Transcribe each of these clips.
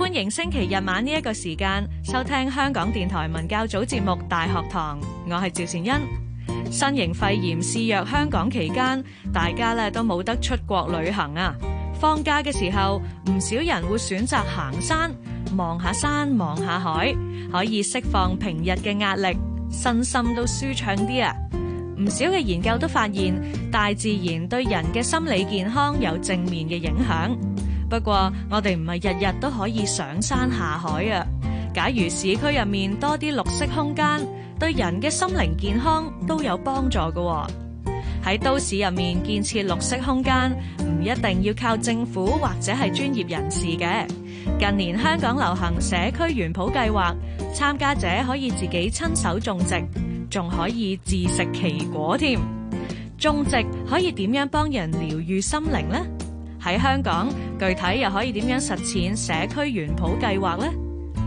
歡迎星期日晚呢一個時間收聽香港電台文教組節目《大學堂》，我係趙善恩。新型肺炎肆虐香港期間，大家咧都冇得出國旅行啊！放假嘅時候，唔少人會選擇行山，望下山，望下海，可以釋放平日嘅壓力，身心都舒暢啲啊！唔少嘅研究都發現，大自然對人嘅心理健康有正面嘅影響。不過我哋唔係日日都可以上山下海啊！假如市區入面多啲綠色空間，對人嘅心靈健康都有幫助㗎喎。喺都市入面建設綠色空間，唔一定要靠政府或者係專業人士嘅。近年香港流行社區園圃計劃，參加者可以自己親手種植，仲可以自食其果添。種植可以點樣幫人療癒心靈呢？喺香港，具體又可以點樣實踐社區園圃計劃呢？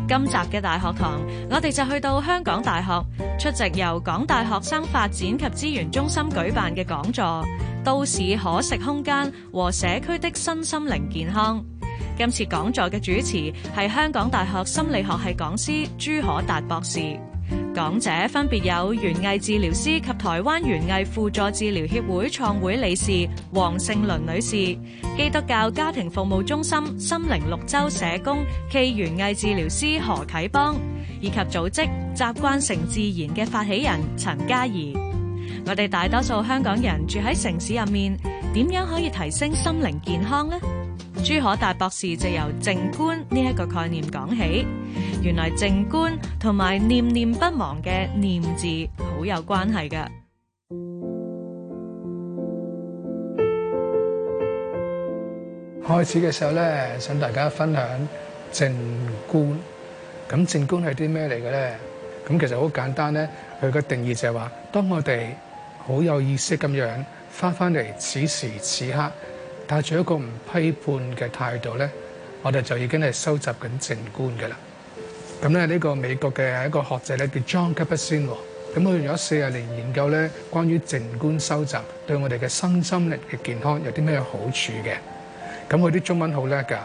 今集嘅大學堂，我哋就去到香港大學出席由港大學生發展及資源中心舉辦嘅講座《都市可食空間和社區的身心靈健康》。今次講座嘅主持係香港大學心理學系講師朱可達博士。講者分別有園藝治療師及台灣園藝輔助治療協會創會理事黃勝倫女士、基督教家庭服務中心心靈綠洲社工暨園藝治療師何啟邦，以及組織習慣成自然嘅發起人陳嘉儀。我哋大多數香港人住喺城市入面，點樣可以提升心靈健康呢？朱可達博士就由靜觀呢一個概念講起。原來靜觀同埋念念不忘嘅念字好有關係㗎。開始嘅時候咧，想大家分享靜觀。咁靜觀係啲咩嚟嘅咧？咁其實好簡單咧，佢嘅定義就係話，當我哋好有意識咁樣翻翻嚟此時此刻，帶住一個唔批判嘅態度咧，我哋就已經係收集緊靜觀嘅啦。咁咧，呢個美國嘅一個學者咧叫 Jon Kabat-Zinn 喎，咁佢用咗四十年研究咧，關於靜觀修習對我哋嘅身心靈嘅健康有啲咩好處嘅。咁佢啲中文好叻㗎，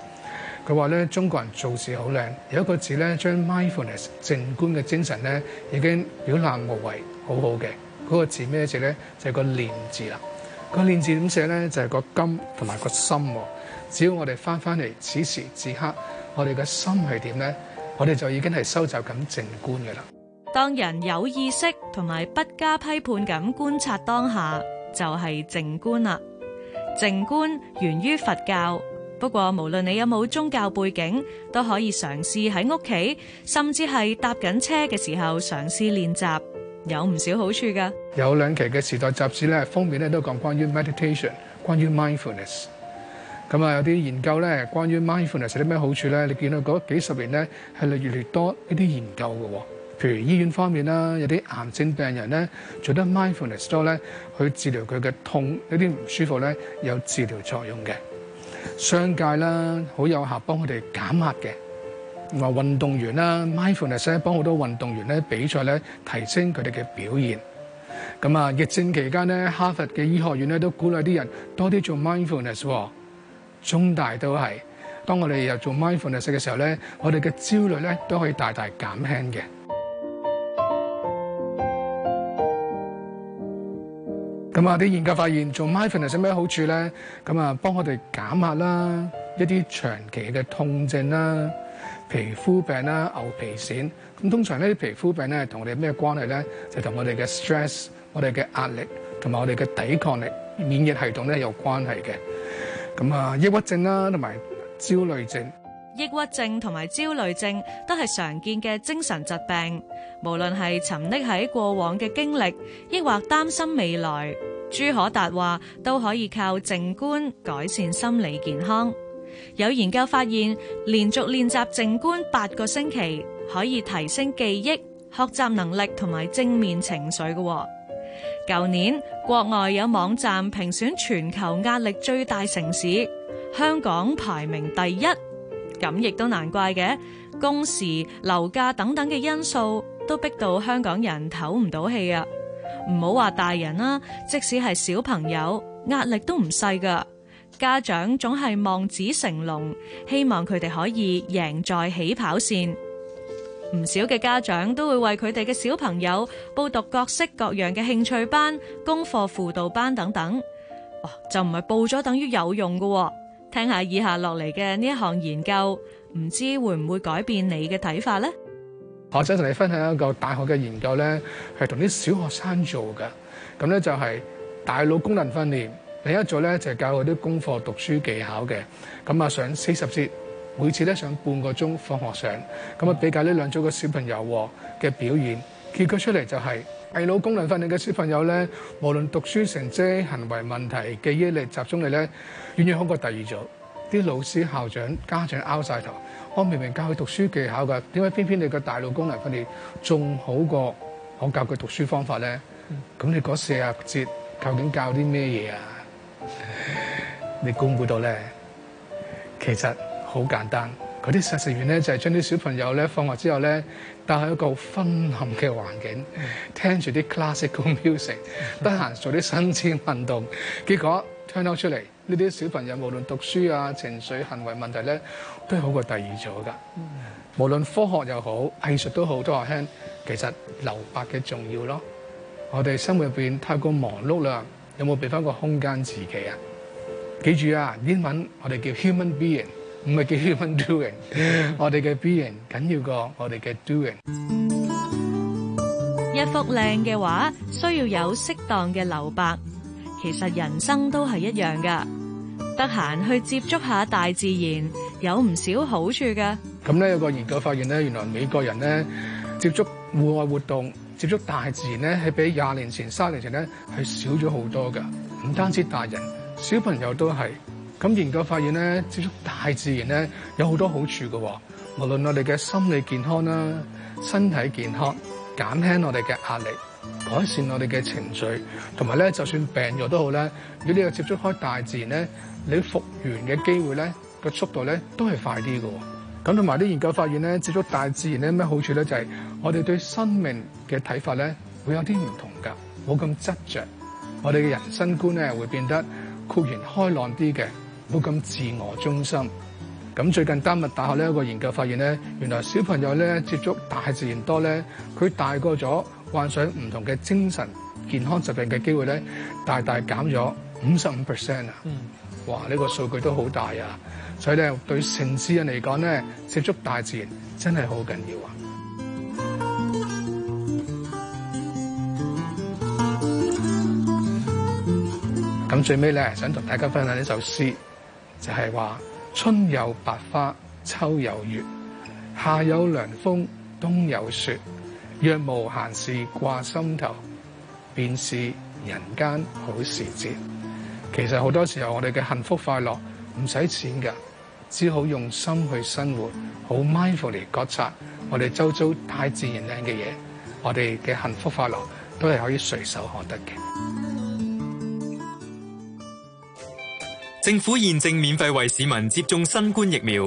佢話咧中國人做事好靚，有一個字咧將 mindfulness 靜觀嘅精神咧已經表達無遺，好好嘅。嗰個字咩字咧？就係個念字啦。個念字點寫咧？就係個金同埋個心喎。只要我哋翻返嚟此時此刻，我哋嘅心係點咧？我哋就已經係收集緊靜觀嘅啦。當人有意識同埋不加批判咁觀察當下，就係、是、靜觀啦。靜觀源於佛教，不過無論你有冇宗教背景，都可以嘗試喺屋企，甚至係搭緊車嘅時候嘗試練習，有唔少好處噶。有兩期嘅《時代》雜誌咧，封面咧都講關於 meditation，關於 mindfulness。咁啊，有啲研究咧，關於 mindfulness 啲咩好處咧？你見到嗰幾十年咧係越嚟越多呢啲研究嘅，哦。譬如醫院方面啦，有啲癌症病人咧做得 mindfulness 多咧，去治療佢嘅痛一啲唔舒服咧，有治療作用嘅。商界啦，好有效幫佢哋減壓嘅。話運動員啦，mindfulness 咧，幫好多運動員咧比賽咧提升佢哋嘅表現。咁啊，疫症期間咧，哈佛嘅醫學院咧都鼓勵啲人多啲做 mindfulness，哦。中大都係，當我哋又做 mindfulness 嘅時候咧，我哋嘅焦慮咧都可以大大減輕嘅。咁啊、嗯，啲研究發現做 mindfulness 有咩好處咧？咁啊，幫我哋減壓啦，一啲長期嘅痛症啦、皮膚病啦、牛皮癬。咁通常呢啲皮膚病咧同我哋咩關係咧？就同我哋嘅 stress、我哋嘅壓力同埋我哋嘅抵抗力、免疫系統咧有關係嘅。咁啊，抑鬱症啦，同埋焦慮症。抑鬱症同埋焦慮症都係常見嘅精神疾病，無論係沉溺喺過往嘅經歷，抑或擔心未來，朱可達話都可以靠靜觀改善心理健康。有研究發現，連續練習靜觀八個星期，可以提升記憶學習能力同埋正面情緒嘅。舊年國外有網站評選全球壓力最大城市，香港排名第一，咁亦都難怪嘅。工時、樓價等等嘅因素，都逼到香港人唞唔到氣啊！唔好話大人啦，即使係小朋友，壓力都唔細㗎。家長總係望子成龍，希望佢哋可以贏在起跑線。唔少嘅家長都會為佢哋嘅小朋友報讀各式各樣嘅興趣班、功課輔導班等等。哦，就唔係報咗等於有用嘅。聽下以下落嚟嘅呢一項研究，唔知會唔會改變你嘅睇法呢？我想同你分享一個大學嘅研究呢，係同啲小學生做嘅。咁呢就係大腦功能訓練，另一組呢，就係教佢啲功課、讀書技巧嘅。咁啊上四十節。每次咧上半個鐘放學上，咁啊比較呢兩組嘅小朋友嘅表現，結果出嚟就係大腦功能訓練嘅小朋友咧，無論讀書成績、行為問題、記憶力、集中力咧，遠遠好過第二組。啲老師、校長、家長拗晒頭，我明明教佢讀書技巧噶，點解偏偏你嘅大腦功能訓練仲好過我教佢讀書方法咧？咁、嗯、你嗰四日節究竟教啲咩嘢啊？你估唔估到咧，其實。好簡單，嗰啲實習員咧就係將啲小朋友咧放學之後咧，帶去一個昏暗嘅環境，聽住啲 classical music，得閒做啲伸展運動。結果聽到出嚟，呢啲小朋友無論讀書啊、情緒行為問題咧，都係好過第二組㗎。無論科學又好、藝術都好，都話聽其實留白嘅重要咯。我哋生活入邊太過忙碌啦，有冇俾翻個空間自己啊？記住啊，英文我哋叫 human being。唔係叫 human doing，我哋嘅 being 緊要過我哋嘅 doing。一幅靚嘅畫需要有適當嘅留白，其實人生都係一樣噶。得閒去接觸下大自然，有唔少好處嘅。咁咧有個研究發現咧，原來美國人咧接觸戶外活動、接觸大自然咧，係比廿年前、三十年前咧係少咗好多嘅。唔單止大人，小朋友都係。咁研究發現咧，接觸大自然咧有好多好處㗎喎，無論我哋嘅心理健康啦、身體健康、減輕我哋嘅壓力、改善我哋嘅情緒，同埋咧就算病咗都好啦。如果你有接觸開大自然咧，你要復原嘅機會咧個速度咧都係快啲㗎喎。咁同埋啲研究發現咧，接觸大自然咧有咩好處咧？就係、是、我哋對生命嘅睇法咧會有啲唔同㗎，冇咁執着，我哋嘅人生觀咧會變得豁然開朗啲嘅。冇咁自我中心。咁最近丹麥大學咧個研究發現咧，原來小朋友咧接觸大自然多咧，佢大個咗患上唔同嘅精神健康疾病嘅機會咧，大大減咗五十五 percent 啊！嗯、哇，呢、呢個數據都好大啊！所以咧，對城市人嚟講咧，接觸大自然真係好緊要啊！咁、嗯、最尾咧，想同大家分享呢首詩。就係話春有百花，秋有月，夏有涼風，冬有雪。若無閒事掛心頭，便是人間好時節。其實好多時候，我哋嘅幸福快樂唔使錢㗎，只好用心去生活，好 mindful 嚟覺察我哋周遭大自然靚嘅嘢，我哋嘅幸福快樂都係可以隨手可得嘅。政府現正免費為市民接種新冠疫苗，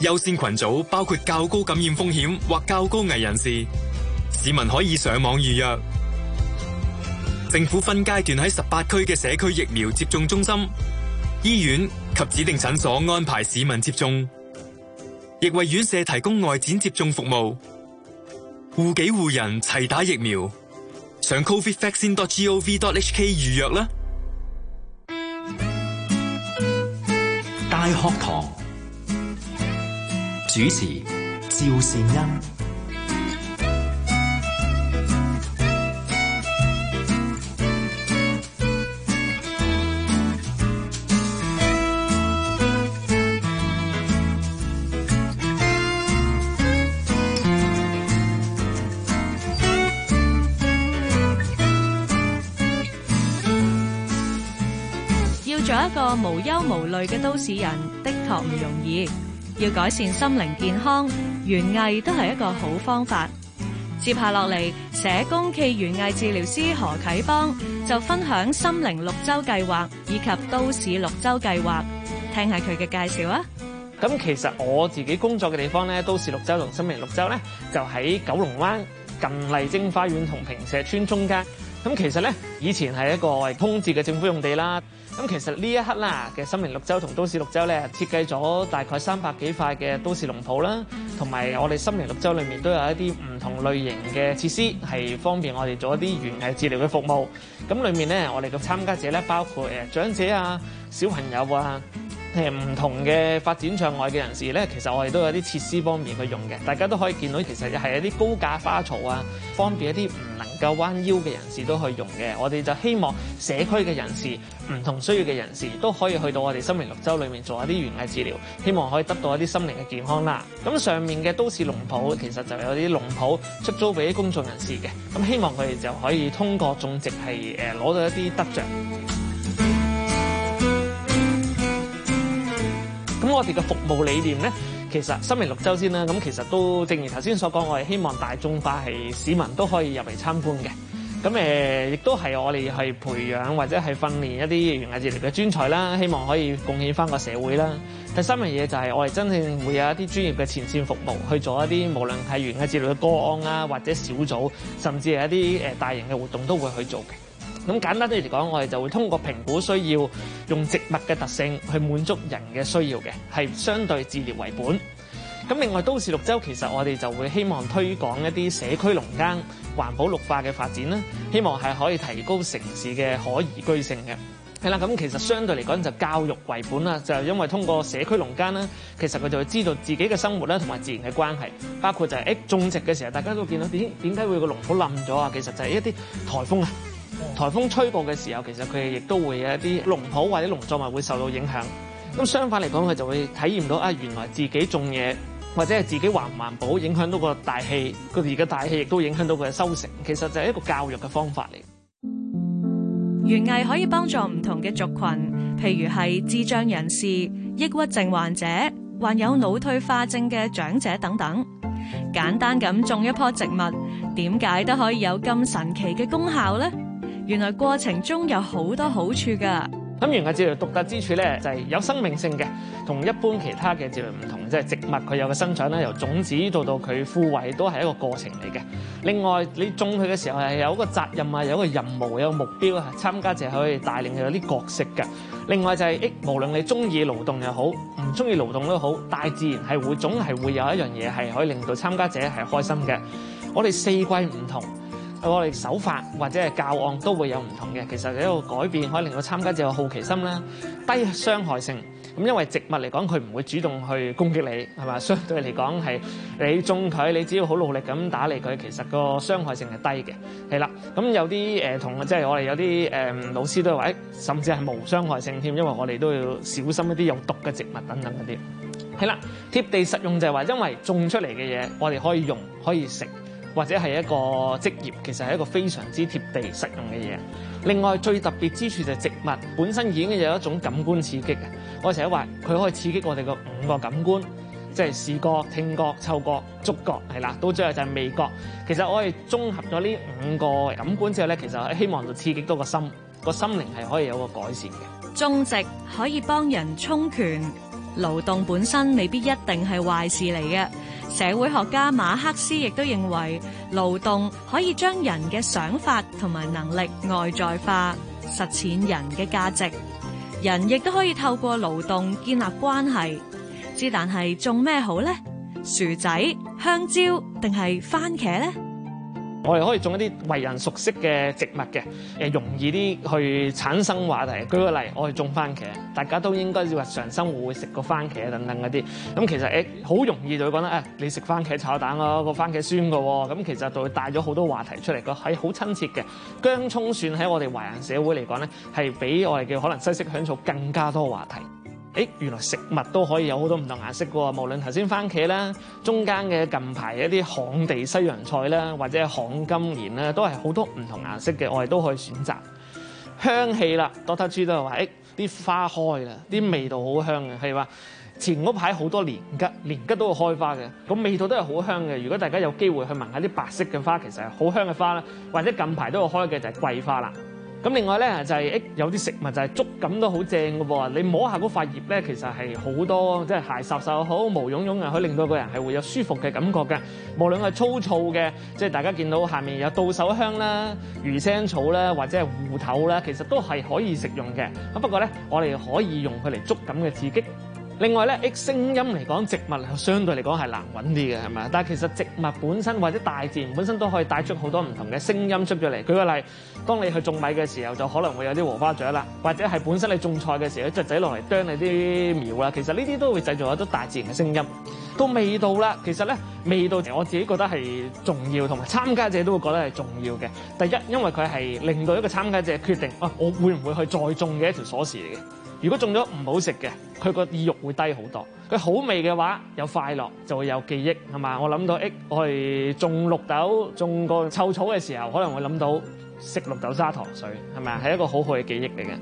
優先群組包括較高感染風險或較高危人士。市民可以上網預約。政府分階段喺十八區嘅社區疫苗接種中心、醫院及指定診所安排市民接種，亦為院舍提供外展接種服務。護己護人齊打疫苗，上 covidvaccine.gov.hk 預約啦。課堂主持欣：趙善恩。做一個無憂無慮嘅都市人，的確唔容易。要改善心靈健康，園藝都係一個好方法。接下落嚟，社工暨園藝治療師何啟邦就分享心靈綠洲計劃以及都市綠洲計劃，聽下佢嘅介紹啊。咁其實我自己工作嘅地方咧，都市綠洲同心靈綠洲咧，就喺九龍灣近麗晶花園同平石村中間。咁其實咧，以前係一個空置嘅政府用地啦。咁其實呢一刻啦，嘅森林綠洲同都市綠洲咧，設計咗大概三百幾塊嘅都市農圃啦，同埋我哋森林綠洲裏面都有一啲唔同類型嘅設施，係方便我哋做一啲園藝治療嘅服務。咁裏面咧，我哋嘅參加者咧，包括誒長者啊、小朋友啊。誒唔同嘅發展障礙嘅人士咧，其實我哋都有啲設施方面去用嘅，大家都可以見到，其實係一啲高架花槽啊，方便一啲唔能夠彎腰嘅人士都可以用嘅。我哋就希望社區嘅人士、唔同需要嘅人士都可以去到我哋心靈綠洲裏面做一啲園藝治療，希望可以得到一啲心靈嘅健康啦。咁上面嘅都市農圃其實就有啲農圃出租俾啲公眾人士嘅，咁希望佢哋就可以通過種植係、呃、攞到一啲得着。咁我哋嘅服務理念咧，其實新明六周生命綠洲先啦。咁其實都正如頭先所講，我哋希望大眾化，係市民都可以入嚟參觀嘅。咁誒、呃，亦都係我哋係培養或者係訓練一啲園藝治療嘅專才啦，希望可以貢獻翻個社會啦。第三樣嘢就係、是、我哋真正會有一啲專業嘅前綫服務，去做一啲無論係園藝治療嘅個案啊，或者小組，甚至係一啲誒大型嘅活動都會去做嘅。咁簡單啲嚟講，我哋就會通過評估，需要用植物嘅特性去滿足人嘅需要嘅，係相對治療為本。咁另外都市綠洲其實我哋就會希望推廣一啲社區農耕、環保綠化嘅發展啦，希望係可以提高城市嘅可宜居性嘅。係啦，咁其實相對嚟講就教育為本啦，就係因為通過社區農耕啦，其實佢就會知道自己嘅生活呢同埋自然嘅關係，包括就係、喺欸、種植嘅時候，大家都見到點解會個農圃冧咗啊？其實就係一啲颱風啊。颱風吹過嘅時候，其實佢哋亦都會有一啲農圃或者農作物會受到影響。咁相反嚟講，佢就會體驗到啊，原來自己種嘢或者係自己環唔環保，影響到個大氣。佢哋嘅大氣亦都影響到佢嘅收成。其實就係一個教育嘅方法嚟。園藝可以幫助唔同嘅族群，譬如係智障人士、抑鬱症患者，患有腦退化症嘅長者等等。簡單咁種一樖植物，點解都可以有咁神奇嘅功效呢？原來過程中有好多好處噶。咁，原來治療獨特之處咧，就係有生命性嘅，同一般其他嘅、就是、治療唔同，即係植物佢有個生長咧，由種子到到佢枯萎都係一個過程嚟嘅。另外，你種佢嘅時候係有個責任啊，有個任務，有個目標啊，參加者可以帶領佢有啲角色嘅。另外就係、是，無論你中意勞動又好，唔中意勞動都好，大自然係會總係會有一樣嘢係可以令到參加者係開心嘅。我哋四季唔同。我哋手法或者係教案都會有唔同嘅，其實一個改變可以令到參加者嘅好奇心啦，低傷害性。咁因為植物嚟講，佢唔會主動去攻擊你，係嘛？相對嚟講係你種佢，你只要好努力咁打理佢，其實個傷害性係低嘅。係啦，咁有啲誒、呃、同即係、就是、我哋有啲誒、呃、老師都話，甚至係冇傷害性添，因為我哋都要小心一啲有毒嘅植物等等嗰啲。係啦，貼地實用就係話，因為種出嚟嘅嘢，我哋可以用，可以食。或者係一個職業，其實係一個非常之貼地實用嘅嘢。另外最特別之處就係植物本身已經有一種感官刺激嘅。我成日話佢可以刺激我哋嘅五個感官，即係視覺、聽覺、嗅覺、觸覺，係啦，到最後就係味覺。其實我哋綜合咗呢五個感官之後咧，其實希望就刺激到個心，個心靈係可以有個改善嘅。種植可以幫人充權，勞動本身未必一定係壞事嚟嘅。社會學家馬克思亦都認為，勞動可以將人嘅想法同埋能力外在化，實踐人嘅價值。人亦都可以透過勞動建立關係。之但係，種咩好呢？薯仔、香蕉定係番茄呢？我哋可以種一啲為人熟悉嘅植物嘅，容易啲去產生話題。舉個例，我哋種番茄，大家都應該要日常生活會食個番茄等等嗰啲，咁、嗯、其實誒好容易就會覺得、哎、你食番茄炒蛋咯，個番茄酸㗎喎、哦，咁、嗯、其實就會帶咗好多話題出嚟咯，係好親切嘅。薑葱蒜喺我哋華人社會嚟講咧，係比我哋嘅可能西式香草更加多話題。誒原來食物都可以有好多唔同顏色喎，無論頭先番茄啦，中間嘅近排一啲旱地西洋菜啦，或者旱金蓮啦，都係好多唔同顏色嘅，我哋都可以選擇。香氣啦，Doctor 朱都係話，誒、哎、啲花開啦，啲味道好香嘅，係話前嗰排好多年桔，年桔都會開花嘅，咁味道都係好香嘅。如果大家有機會去聞下啲白色嘅花，其實係好香嘅花啦，或者近排都會開嘅就係桂花啦。咁另外咧就係誒有啲食物就係觸感都好正嘅噃，你摸下嗰塊葉咧，其實係好多即係鞋剎手好毛茸茸啊，可以令到個人係會有舒服嘅感覺嘅。無論係粗糙嘅，即係大家見到下面有到手香啦、魚腥草啦，或者係芋頭啦，其實都係可以食用嘅。咁不過咧，我哋可以用佢嚟觸感嘅刺激。另外咧，聲音嚟講，植物係相對嚟講係難揾啲嘅，係咪？但係其實植物本身或者大自然本身都可以帶出好多唔同嘅聲音出咗嚟。舉個例，當你去種米嘅時候，就可能會有啲禾花雀啦，或者係本身你種菜嘅時候，雀仔落嚟啄你啲苗啦。其實呢啲都會製造一啲大自然嘅聲音。到味道啦，其實咧味道我自己覺得係重要，同埋參加者都會覺得係重要嘅。第一，因為佢係令到一個參加者決定啊，我會唔會去再種嘅一條鎖匙嚟嘅。如果種咗唔好食嘅，佢個意欲會低好多。佢好味嘅話，有快樂就會有記憶，係嘛？我諗到誒，我係種綠豆、種過臭草嘅時候，可能會諗到食綠豆沙糖水，係咪啊？係一個好好嘅記憶嚟嘅。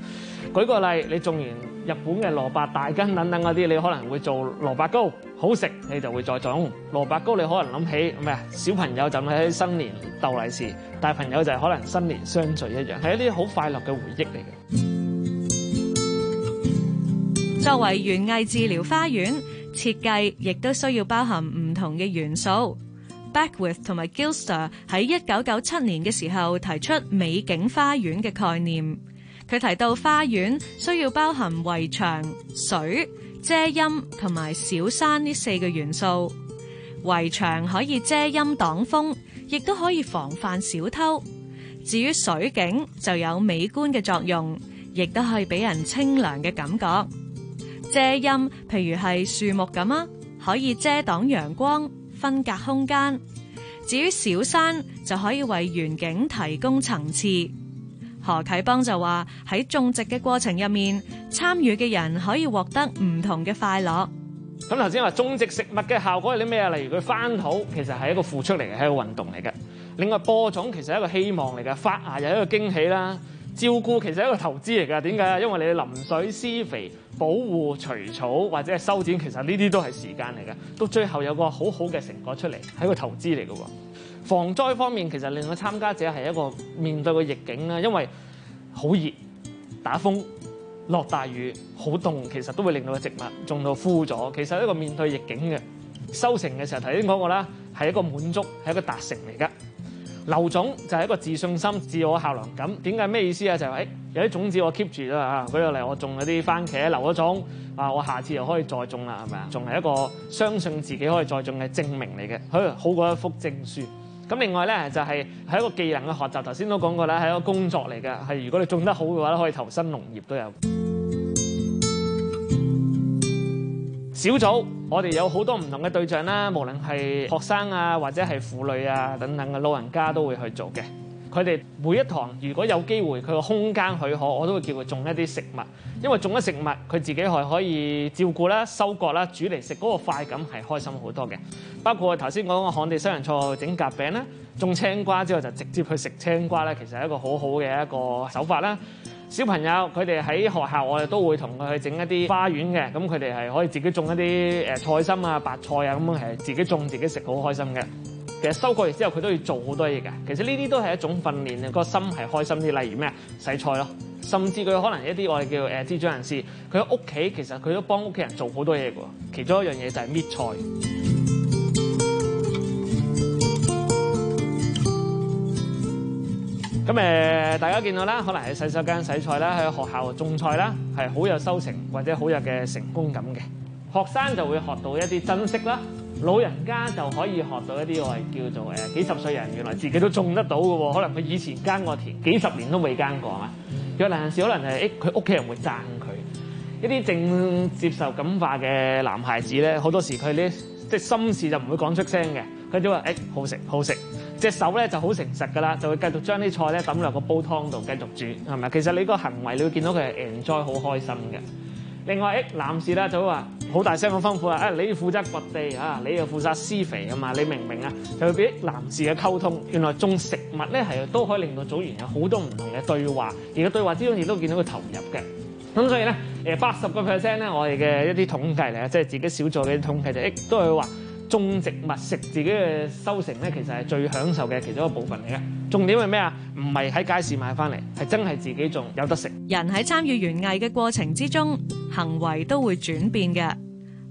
舉個例，你種完日本嘅蘿蔔大根等等嗰啲，你可能會做蘿蔔糕，好食你就會再種蘿蔔糕。你可能諗起唔係小朋友就喺新年逗利是，大朋友就係可能新年相聚一樣，係一啲好快樂嘅回憶嚟嘅。作為園藝治療花園設計，亦都需要包含唔同嘅元素。Backwith 同埋 Gilster 喺一九九七年嘅時候提出美景花園嘅概念。佢提到花園需要包含圍牆、水、遮陰同埋小山呢四個元素。圍牆可以遮陰擋風，亦都可以防範小偷。至於水景就有美觀嘅作用，亦都可以俾人清涼嘅感覺。遮蔭，譬如係樹木咁啊，可以遮擋陽光、分隔空間。至於小山，就可以為園景提供層次。何啟邦就話喺種植嘅過程入面，參與嘅人可以獲得唔同嘅快樂。咁頭先話種植食物嘅效果係啲咩啊？例如佢翻土，其實係一個付出嚟嘅，係一個運動嚟嘅。另外播種其實係一個希望嚟嘅，發芽又係一個驚喜啦。照顧其實係一個投資嚟㗎，點解啊？因為你淋水、施肥、保護、除草或者係修剪，其實呢啲都係時間嚟嘅，到最後有個好好嘅成果出嚟，係一個投資嚟嘅。防災方面，其實令到參加者係一個面對個逆境啦，因為好熱、打風、落大雨、好凍，其實都會令到個植物種到枯咗。其實係一個面對逆境嘅收成嘅時候，頭先講過啦，係一個滿足，係一個達成嚟嘅。留種就係一個自信心、自我的效能感。點解咩意思啊？就係、是、誒、哎、有啲種子我 keep 住啦嚇。舉個例，我種嗰啲番茄留咗種，啊我下次又可以再種啦，係咪啊？仲係一個相信自己可以再種嘅證明嚟嘅，佢好過一幅證書。咁另外咧就係、是、係一個技能嘅學習。頭先都講過咧，係一個工作嚟嘅。係如果你種得好嘅話咧，可以投身農業都有。小組我哋有好多唔同嘅對象啦，無論係學生啊，或者係婦女啊等等嘅老人家都會去做嘅。佢哋每一堂如果有機會佢個空間許可，我都會叫佢種一啲食物，因為種咗食物佢自己係可以照顧啦、收割啦、煮嚟食嗰個快感係開心好多嘅。包括我頭先講個旱地西洋菜整夾餅啦，種青瓜之後就直接去食青瓜咧，其實係一個好好嘅一個手法啦。小朋友佢哋喺學校我哋都會同佢去整一啲花園嘅，咁佢哋係可以自己種一啲誒菜心啊、白菜啊，咁樣係自己種自己食，好開心嘅。其實收過嚟之後佢都要做好多嘢嘅，其實呢啲都係一種訓練啊，個心係開心啲。例如咩洗菜咯，甚至佢可能一啲我哋叫誒智障人士，佢喺屋企其實佢都幫屋企人做好多嘢嘅喎，其中一樣嘢就係搣菜。咁誒，大家見到啦，可能喺洗手間洗菜啦，喺學校種菜啦，係好有收成或者好有嘅成功感嘅。學生就會學到一啲珍惜啦，老人家就可以學到一啲我係叫做誒幾十歲人原來自己都種得到嘅喎。可能佢以前耕過田幾十年都未耕過啊。有陣時可能係誒佢屋企人會贊佢。一啲正接受感化嘅男孩子咧，好多時佢啲即係心事就唔會講出聲嘅，佢就話誒好食好食。隻手咧就好誠實噶啦，就會繼續將啲菜咧抌落個煲湯度繼續煮，係咪啊？其實你個行為，你會見到佢係 enjoy 好開心嘅。另外，男士咧就會話好大聲咁吩咐啊！你負責掘地啊，你又負責施肥啊嘛，你明唔明啊？就會俾男士嘅溝通，原來種食物咧係都可以令到組員有好多唔同嘅對話，而個對話之中亦都會見到佢投入嘅。咁所以咧，誒八十個 percent 咧，我哋嘅一啲統計嚟啊，即係自己小組嘅統計就亦都係話。也會說種植物食自己嘅收成咧，其實係最享受嘅其中一個部分嚟嘅。重點係咩啊？唔係喺街市買翻嚟，係真係自己種有得食。人喺參與園藝嘅過程之中，行為都會轉變嘅。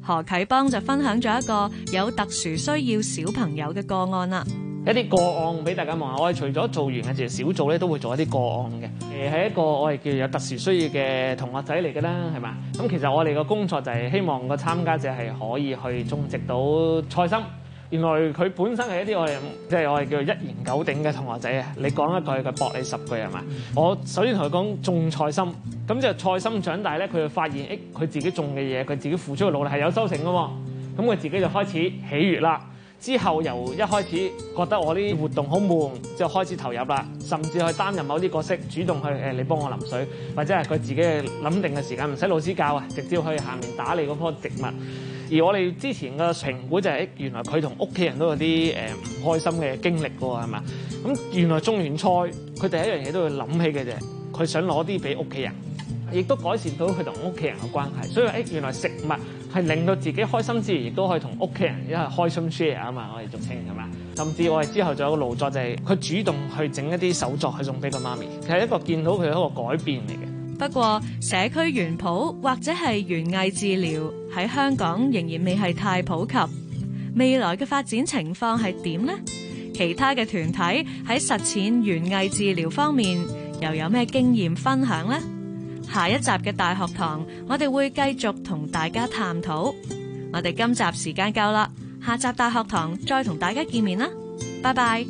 何啟邦就分享咗一個有特殊需要小朋友嘅個案啦。一啲個案俾大家望下，我哋除咗做完嘅，時小組咧，都會做一啲個案嘅。誒，係一個我哋叫有特殊需要嘅同學仔嚟㗎啦，係嘛？咁其實我哋個工作就係希望個參加者係可以去種植到菜心。原來佢本身係一啲我哋即係我哋叫一言九鼎嘅同學仔啊！你講一句，佢駁你十句係嘛？我首先同佢講種菜心，咁就菜心長大咧，佢就發現誒，佢自己種嘅嘢，佢自己付出嘅努力係有收成㗎喎。咁佢自己就開始喜悅啦。之後由一開始覺得我啲活動好悶，就開始投入啦，甚至去擔任某啲角色，主動去誒你幫我淋水，或者係佢自己諗定嘅時間，唔使老師教啊，直接去下面打理嗰棵植物。而我哋之前嘅評估就係、呃，原來佢同屋企人都有啲誒唔開心嘅經歷喎，係嘛？咁原來種完菜，佢第一樣嘢都會諗起嘅啫，佢想攞啲俾屋企人，亦都改善到佢同屋企人嘅關係。所以誒，原來食物，係令到自己開心之餘，亦都可以同屋企人一開心 share 啊嘛！我哋做稱係嘛？甚至我哋之後仲有一個勞作，就係佢主動去整一啲手作去送俾個媽咪，其實係一個見到佢一個改變嚟嘅。不過社區園圃或者係園藝治療喺香港仍然未係太普及，未來嘅發展情況係點呢？其他嘅團體喺實踐園藝治療方面又有咩經驗分享呢？下一集嘅大學堂，我哋會繼續同大家探討。我哋今集時間夠啦，下集大學堂再同大家見面啦，拜拜。